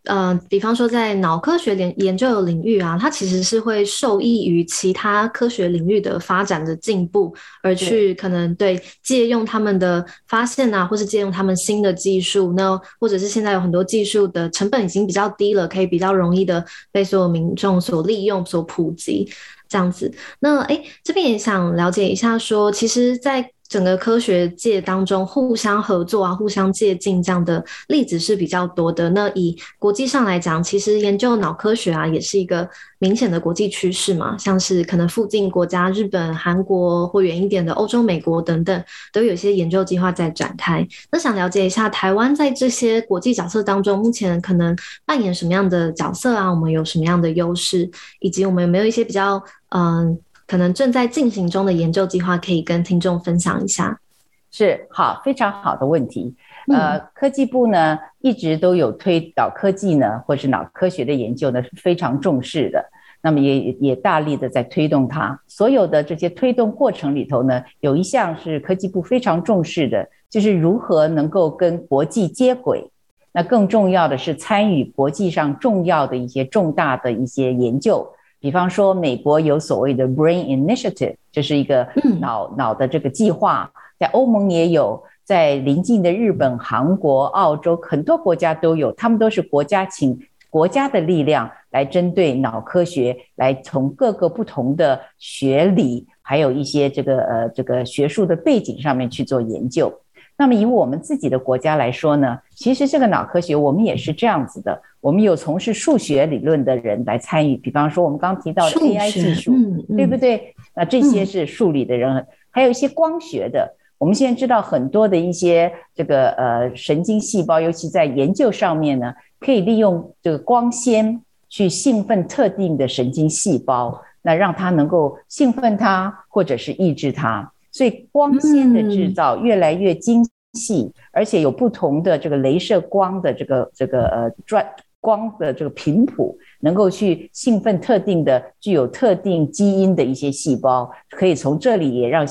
嗯、呃，比方說在腦科學領研究的領域啊，它其實是會受益於其他科學領域的發展的進步，而去可能對借用他們的發現啊，或是借用他們新的技術，那或者是現在有很多技術的成本已經比較低了，可以比較容易的被所有民眾所利用、所普及，這樣子。那，誒，這邊也想了解一下說，說其實，在整個科學界當中互相合作啊，互相借鏡，這樣的例子是比較多的。那以國際上來講，其實研究腦科學啊，也是一個明顯的國際趨勢嘛。像是可能附近國家，日本、韓國，或遠一點的歐洲、美國等等，都有些研究計劃在展開。那想了解一下，台灣在這些國際角色當中，目前可能扮演什麼樣的角色啊？我們有什麼樣的優勢，以及我們有沒有一些比較嗯？呃可能正在進行中的研究計劃，可以跟聽眾分享一下。是，好，非常好的問題。嗯、呃，科技部呢一直都有推腦科技呢，或是腦科學的研究呢，是非常重視的。那麼也也大力的在推動它。所有的這些推動過程裡頭呢，有一項是科技部非常重視的，就是如何能夠跟國際接軌。那更重要的是參與國際上重要的一些重大的一些研究。比方說，美國有所謂的 Brain Initiative，這是一個腦腦的這個計劃，在歐盟也有，在鄰近的日本、韓國、澳洲很多國家都有，他們都是國家請國家的力量來針對腦科學，來從各個不同的學理，還有一些這個呃這個學術的背景上面去做研究。那麼以我們自己的國家來說呢，其實這個腦科學我們也是這樣子的，我們有從事數學理論的人來參與，比方說我們剛剛提到的 AI 技術，是對不對？嗯、那這些是數理的人，嗯、還有一些光學的。我們現在知道很多的一些這個呃神經細胞，尤其在研究上面呢，可以利用這個光纖去興奮特定的神經細胞，那讓它能夠興奮它或者是抑制它。所以光纖的製造越來越精細，而且有不同的這個雷射光的這個這個呃專光的這個頻譜，能夠去興奮特定的具有特定基因的一些細胞，可以從這裡也讓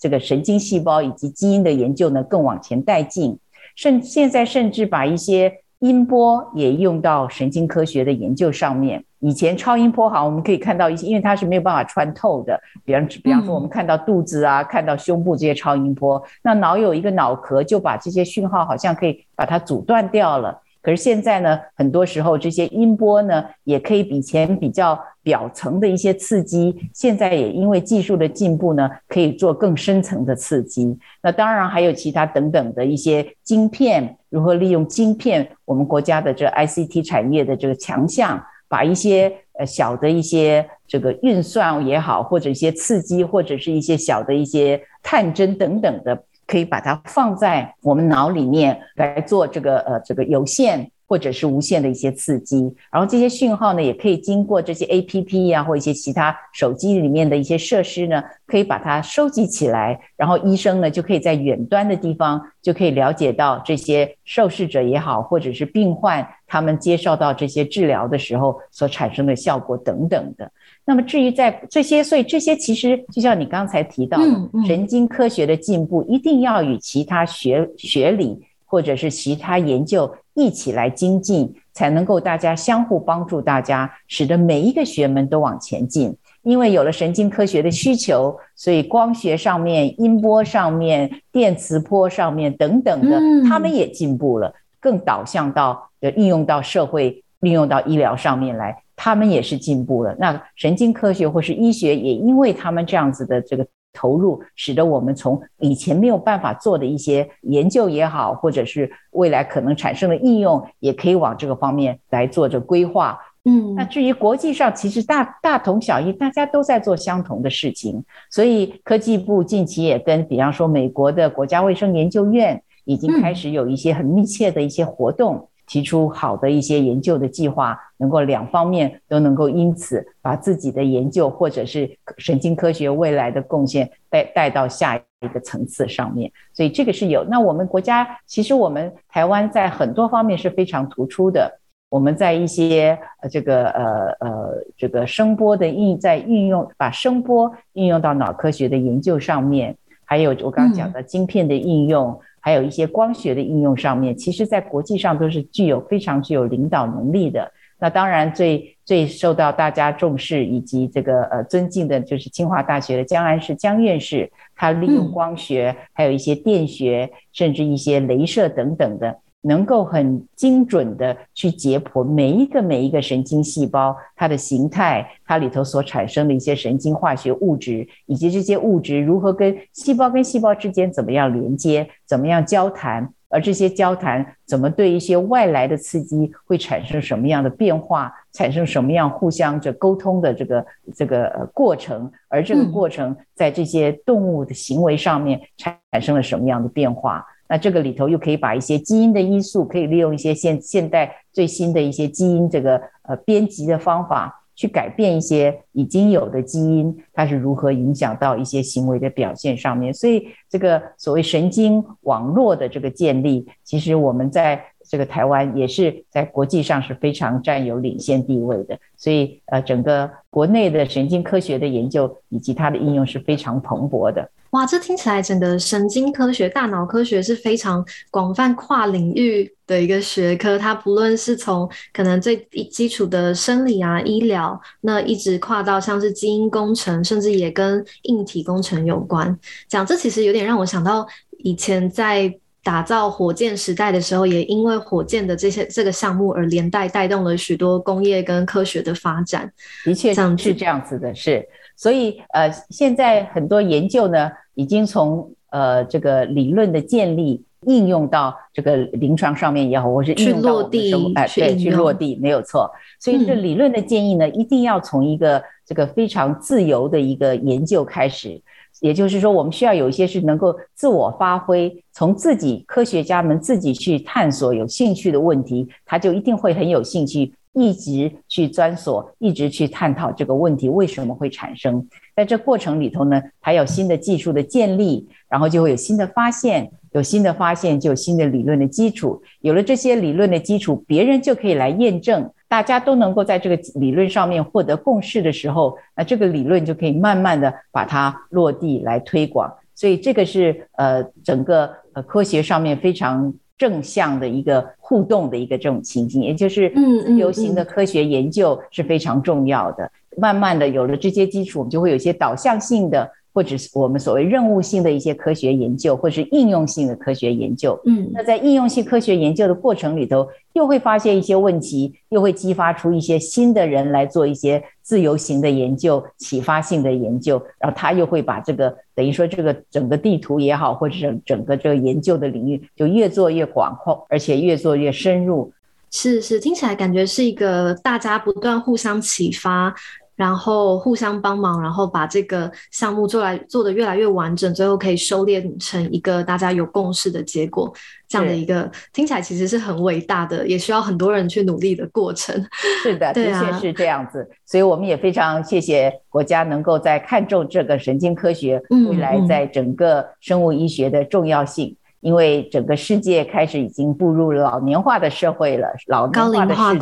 這個神經細胞以及基因的研究呢更往前帶進。甚現在甚至把一些音波也用到神經科學的研究上面。以前超音波好像我們可以看到一些，因為它是沒有辦法穿透的。比方，比方說，我們看到肚子啊，嗯、看到胸部這些超音波。那腦有一個腦殼，就把這些訊號好像可以把它阻斷掉了。可是現在呢，很多時候這些音波呢，也可以比以前比較表層的一些刺激。現在也因為技術的進步呢，可以做更深層的刺激。那當然還有其他等等的一些晶片，如何利用晶片，我們國家的這 I C T 產業的這個強項。把一些呃小的一些這個運算也好，或者一些刺激，或者是一些小的一些探針等等的，可以把它放在我們腦裡面來做這個呃這個有限，或者是無線的一些刺激，然後這些訊號呢，也可以經過這些 APP 啊，或者一些其他手機裡面的一些設施呢，可以把它收集起來，然後醫生呢就可以在遠端的地方就可以了解到這些受試者也好，或者是病患他們接受到這些治療的時候所產生的效果等等的。那麼至於在這些，所以這些其實就像你剛才提到的，嗯嗯，神經科學的進步一定要與其他學學理或者是其他研究，一起來精進，才能夠大家相互幫助，大家使得每一個學門都往前進。因為有了神經科學的需求，所以光學上面、音波上面、電磁波上面等等的，他們也進步了，更導向到應用到社會、應用到醫療上面來，他們也是進步了。那神經科學或是醫學，也因為他們這樣子的這個。投入，使得我們從以前沒有辦法做的一些研究也好，或者是未來可能產生的應用，也可以往這個方面來做着規劃。嗯，那至於國際上，其實大大同小異，大家都在做相同的事情。所以科技部近期也跟，比方說美國的國家衛生研究院，已經開始有一些很密切的一些活動，提出好的一些研究的計劃。能夠兩方面都能夠因此把自己的研究，或者是神經科學未來的貢獻帶帶到下一個層次上面，所以這個是有。那我們國家其實我們台灣在很多方面是非常突出的。我們在一些這個呃呃這個聲波的應在運用，把聲波運用到腦科學的研究上面，還有我剛剛講的晶片的應用，還有一些光學的應用上面，其實在國際上都是具有非常具有領導能力的。那當然，最最受到大家重視以及這個呃尊敬的就是清華大學的江安世江院士，他利用光學，還有一些電學，甚至一些雷射等等的，能夠很精準的去解剖每一個每一個神經細胞，它的形態，它裡頭所產生的一些神經化學物質，以及這些物質如何跟細胞跟細胞之間怎麼樣連接，怎麼樣交談。而這些交談怎麼對一些外來的刺激會產生什麼樣的變化，產生什麼樣互相這溝通的這個這個過程，而這個過程在這些動物的行為上面產生了什麼樣的變化？嗯、那這個裡頭又可以把一些基因的因素，可以利用一些現現代最新的一些基因這個呃編輯的方法。去改變一些已經有的基因，它是如何影響到一些行為的表現上面。所以，這個所謂神經網絡的這個建立，其實我們在這個台灣也是在國際上是非常佔有領先地位的。所以，呃，整個國內的神經科學的研究以及它的應用是非常蓬勃的。哇，這聽起來整個神經科學、大腦科學是非常廣泛跨領域的一個學科。它不論是從可能最基礎的生理啊、醫療，那一直跨到像是基因工程，甚至也跟硬體工程有關。講這其實有點讓我想到，以前在打造火箭時代的時候，也因為火箭的這些這個項目而連帶帶動了許多工業跟科學的發展。的確是，講是這樣子的，是。所以，呃，現在很多研究呢，已經從呃這個理論的建立應用到這個臨床上面，也好，或是應用到我們生活落地，哎、呃，對，去，去落地沒有錯。所以這理論的建議呢，一定要從一個這個非常自由的一個研究開始，嗯、也就是說，我們需要有一些是能夠自我發揮，從自己科學家們自己去探索有興趣的問題，他就一定會很有興趣。一直去探索，一直去探討這個問題為什麼會產生。在這過程裡頭呢，還有新的技術的建立，然後就會有新的發現，有新的發現就有新的理論的基礎。有了這些理論的基礎，別人就可以來驗證，大家都能夠在這個理論上面獲得共識的時候，那這個理論就可以慢慢的把它落地來推廣。所以這個是呃整個呃科學上面非常，正向的一個互動的一個這種情景，也就是自由型的科學研究是非常重要的。嗯嗯嗯、慢慢的有了這些基礎，我們就會有一些導向性的。或者是我們所謂任務性的一些科學研究，或者是應用性的科學研究。嗯，那在應用性科學研究的過程裡頭，又會發現一些問題，又會激發出一些新的人來做一些自由型的研究、啟發性的研究。然後他又會把這個，等於說這個整個地圖也好，或者是整個這個研究的領域就越做越廣闊，而且越做越深入。是是，聽起來感覺是一個大家不斷互相啟發。然後互相幫忙，然後把這個項目做來做得越來越完整，最後可以收斂成一個大家有共識的結果，這樣的一個是聽起來其實是很偉大的，也需要很多人去努力的過程。是的，啊、的確是這樣子。所以我們也非常謝謝國家能夠在看重這個神經科學未、嗯、來在整個生物醫學的重要性。嗯因為整個世界開始已經步入老年化的社會了，老年化的世界，高齡，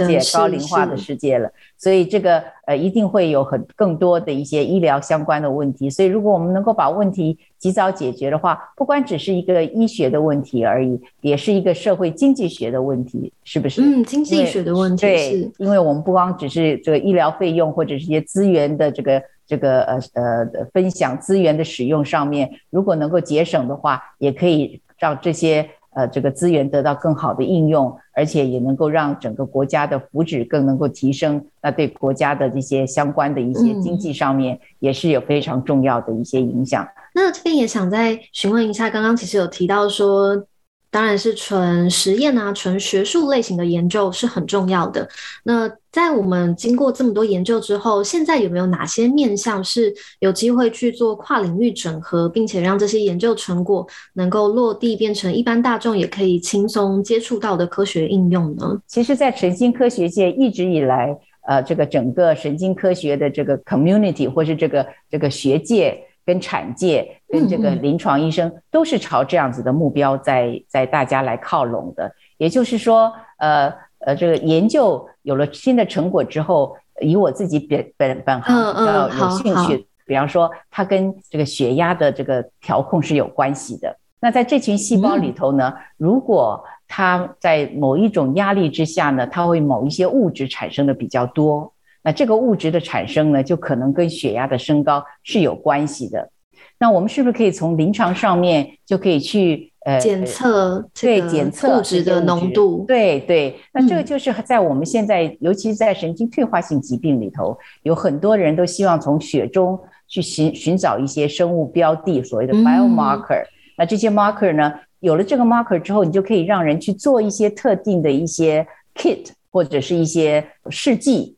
高齡化的世界了，是所以這個呃，一定會有很更多的一些醫療相關的問題。所以，如果我們能夠把問題及早解決的話，不光只是一個醫學的問題而已，也是一個社會經濟學的問題，是不是？嗯，經濟學的問題，為是對，因為我們不光只是這個醫療費用或者是一些資源的這個這個呃呃分享資源的使用上面，如果能夠節省的話，也可以。讓這些呃，這個資源得到更好的應用，而且也能夠讓整個國家的福祉更能夠提升。那對國家的這些相關的一些經濟上面，也是有非常重要的一些影響。嗯，那這邊也想再詢問一下，剛剛其實有提到說，當然是純實驗啊，純學術類型的研究是很重要的。那在我們經過這麼多研究之後，現在有沒有哪些面向是有機會去做跨領域整合，並且讓這些研究成果能夠落地，變成一般大眾也可以輕鬆接觸到的科學應用呢？其實在神經科學界一直以來，呃，這個整個神經科學的這個 community 或是這個這個學界。跟產界、跟這個臨床醫生都是朝這樣子的目標在在大家來靠攏的，也就是說，呃呃，這個研究有了新的成果之後，以我自己本本本行比較有興趣，比方說它跟這個血壓的這個調控是有關係的。那在這群細胞裡頭呢，如果它在某一種壓力之下呢，它會某一些物質產生的比較多。那這個物質的產生呢，就可能跟血壓的升高是有關係的。那我們是不是可以從臨床上面就可以去呃檢測對檢測物質，物，質物質的濃度。對，對對。那這個就是在我們現在，嗯、尤其在神經退化性疾病裡頭，有很多人都希望從血中去尋尋找一些生物標的，所謂的 biomarker。Er, 嗯、那這些 marker 呢，有了這個 marker 之後，你就可以讓人去做一些特定的一些 kit 或者是一些試劑。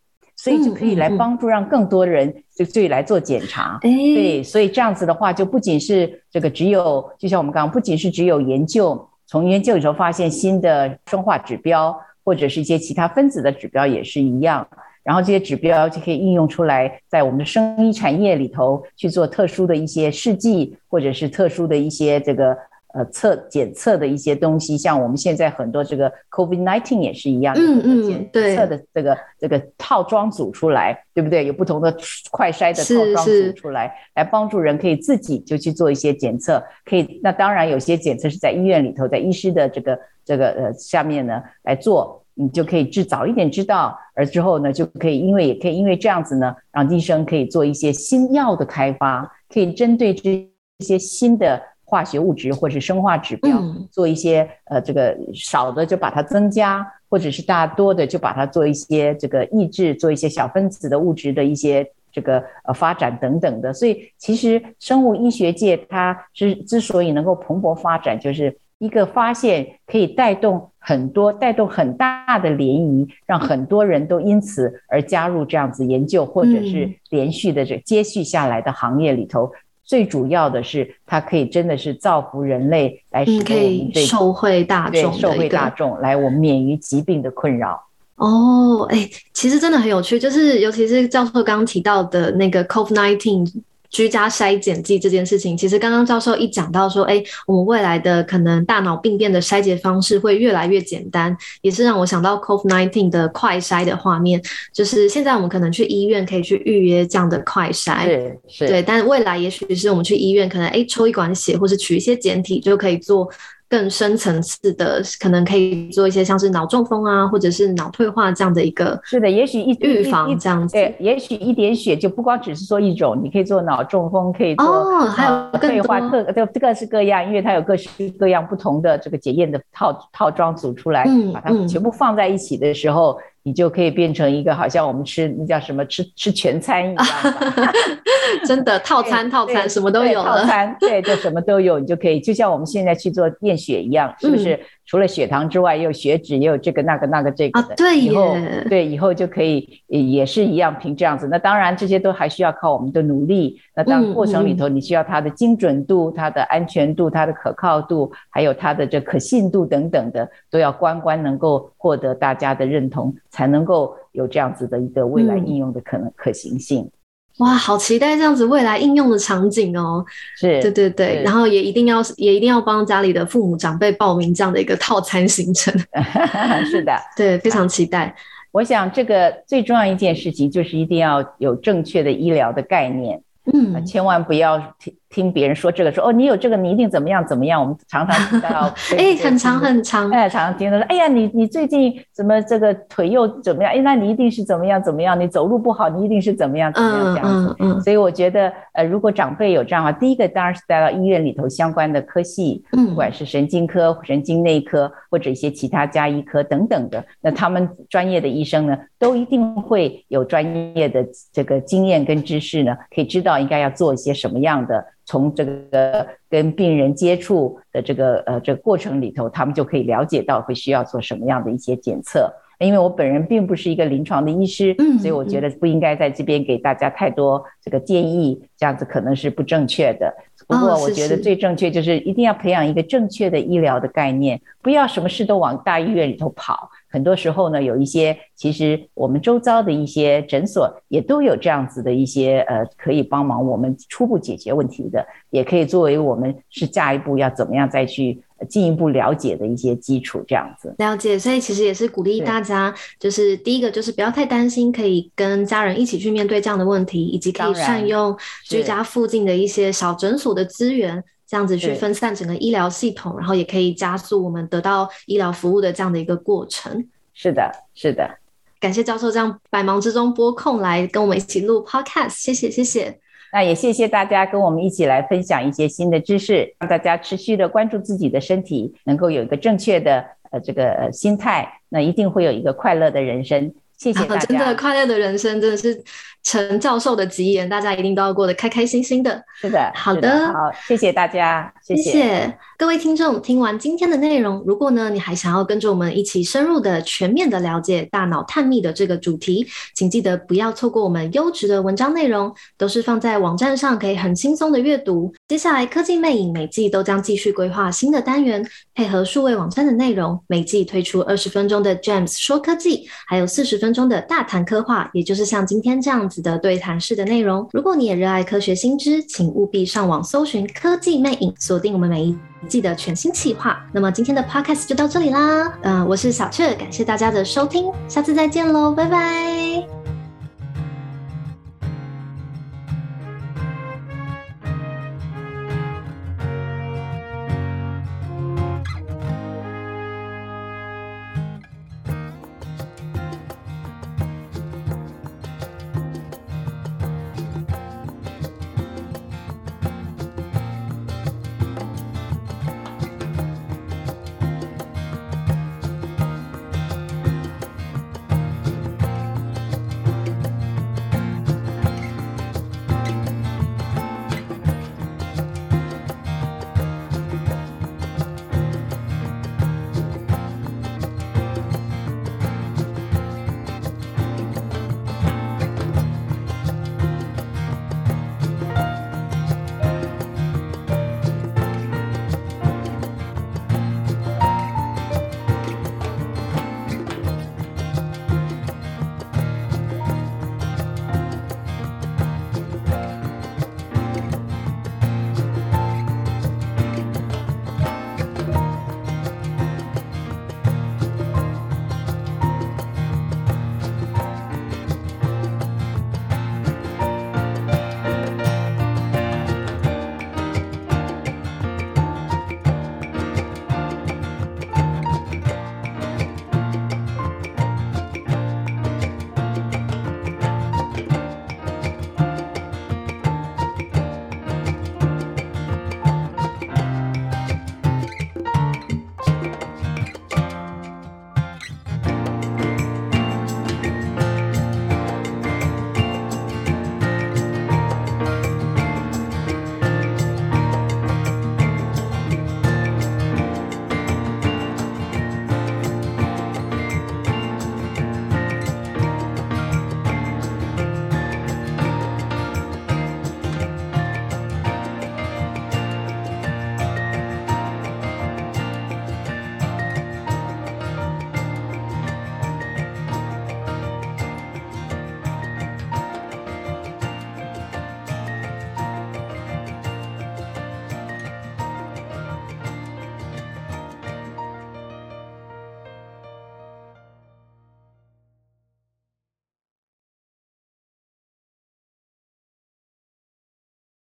(noise) 所以就可以來幫助讓更多人就自己來做檢查，對，所以這樣子的話，就不僅是這個，只有就像我們剛剛，不僅是只有研究從研究裡頭發現新的生化指標，或者是一些其他分子的指標也是一樣，然後這些指標就可以應用出來，在我們的生醫產業裡頭去做特殊的一些試劑，或者是特殊的一些這個。呃，測檢測的一些東西，像我們現在很多這個 COVID-19 也是一樣的，嗯嗯，對。檢測的這個這個套裝組出來，對不對？有不同的快篩的套裝組出來，來幫助人可以自己就去做一些檢測，可以。那當然，有些檢測是在醫院裡頭，在醫師的這個這個呃下面呢來做，你就可以知早一點知道，而之後呢，就可以因為也可以因為這樣子呢，讓醫生可以做一些新藥的開發，可以針對這些新的。化學物質或是生化指標，做一些呃，這個少的就把它增加，或者是大多的就把它做一些這個抑制，做一些小分子的物質的一些這個呃發展等等的。所以其實生物醫學界它之之所以能夠蓬勃發展，就是一個發現可以帶動很多帶動很大的漣漪，讓很多人都因此而加入這樣子研究，或者是連續的這接續下來的行業裡頭。最主要的是，它可以真的是造福人類，來使我們對受惠大眾，受惠大眾來我免於疾病的困擾。哦，哎、欸，其實真的很有趣，就是尤其是教授剛剛提到的那個 COVID nineteen。居家篩檢劑這件事情，其實剛剛教授一講到說，哎、欸，我們未來的可能大腦病變的篩檢方式會越來越簡單，也是讓我想到 COVID nineteen 的快篩的畫面，就是現在我們可能去醫院可以去預約這樣的快篩，對是對，但未來也許是我們去醫院可能哎、欸，抽一管血或是取一些檢體就可以做。更深層次的，可能可以做一些像是腦中風啊，或者是腦退化這樣的一個。是的，也許一預防這樣子。對，也許一點血就不光只是說一種，你可以做腦中風，可以做、哦、還有退化各各各式各樣，因為它有各式各樣不同的這個檢驗的套套裝組出來，嗯嗯、把它們全部放在一起的時候。你就可以變成一個，好像我們吃那叫什麼，吃吃全餐一樣， (laughs) (laughs) 真的套餐，欸，、套餐對什麼都有了對，套餐，對，就什麼都有，你就可以就像我們現在去做驗血一樣，是不是？嗯，除了血糖之外，也有血脂，也有這個那個那個這個的，啊對。對。以後對，以後就可以也也是一樣，憑這樣子。那當然這些都還需要靠我們的努力。那當過程裡頭，你需要它的精準度、嗯嗯，它的安全度、它的可靠度，還有它的這可信度等等的，都要關關能夠獲得大家的認同。才能夠有這樣子的一個未來應用的可能可行性。嗯、哇，好期待這樣子未來應用的場景哦！是，對對對，是然後也一定要也一定要幫家裡的父母長輩報名這樣的一個套餐行程。 (laughs) 是的， (laughs) 對，非常期待。啊，我想這個最重要一件事情就是一定要有正確的醫療的概念，嗯，千萬不要。聽別人說這個說哦，你有這個，你一定怎麼樣怎麼樣？我們常常聽到哎， (laughs) 欸、到很常很常哎，常常聽到說哎呀，你你最近怎麼這個腿又怎麼樣？哎，那你一定是怎麼樣怎麼樣？你走路不好，你一定是怎麼樣怎麼樣，嗯、這樣子。嗯嗯、所以我覺得呃，如果長輩有這樣的話，第一個當然是帶到醫院裡頭相關的科系，嗯、不管是神經科、神經內科或者一些其他家醫科、等等的，那他們專業的醫生呢，都一定會有專業的這個經驗跟知識呢，可以知道應該要做一些什麼樣的。從這個跟病人接觸的這個呃這個過程裡頭，他們就可以了解到會需要做什麼樣的一些檢測。因為我本人並不是一個臨床的醫師，所以我覺得不應該在這邊給大家太多這個建議，這樣子可能是不正確的。不過我覺得最正確就是一定要培養一個正確的醫療的概念，不要什麼事都往大醫院裡頭跑。很多時候呢，有一些其實我們周遭的一些診所也都有這樣子的一些呃，可以幫忙我們初步解決問題的，也可以作為我們是下一步要怎麼樣再去呃、進一步了解的一些基礎這樣子了解。所以其實也是鼓勵大家，對就是第一個就是不要太擔心，可以跟家人一起去面對這樣的問題，以及可以善用居家附近的一些小診所的資源。這樣子去分散整個醫療系統，對然後也可以加速我們得到醫療服務的這樣的一個過程。是的，是的。感謝教授這樣百忙之中撥空來跟我們一起錄 Podcast，謝謝，謝謝。那也謝謝大家跟我們一起來分享一些新的知識，讓大家持續的關注自己的身體，能夠有一個正確的呃，這個心態，那一定會有一個快樂的人生。謝謝大家。啊，真的快樂的人生，真的是。陳教授的吉言，大家一定都要過得開開心心的。是的，是的，好的，好，謝謝大家。謝謝，謝，謝各位聽眾，聽完今天的內容，如果呢你還想要跟着我們一起深入的、全面的了解大腦探秘的這個主題，請記得不要錯過我們優質的文章內容，都是放在網站上，可以很輕鬆的閱讀。接下來，科技魅癮，每季都將繼續規劃新的單元，配合數位網站的內容，每季推出二十分鐘的 James 說科技，還有四十分鐘的大談科幻，也就是像今天這樣子的對談式的內容。如果你也熱愛科學新知，請務必上網搜尋科技魅癮所。鎖定我們每一季的全新企劃，那麼今天的 Podcast 就到這裡啦。嗯、呃，我是小雀，感謝大家的收聽，下次再見嘍，拜拜。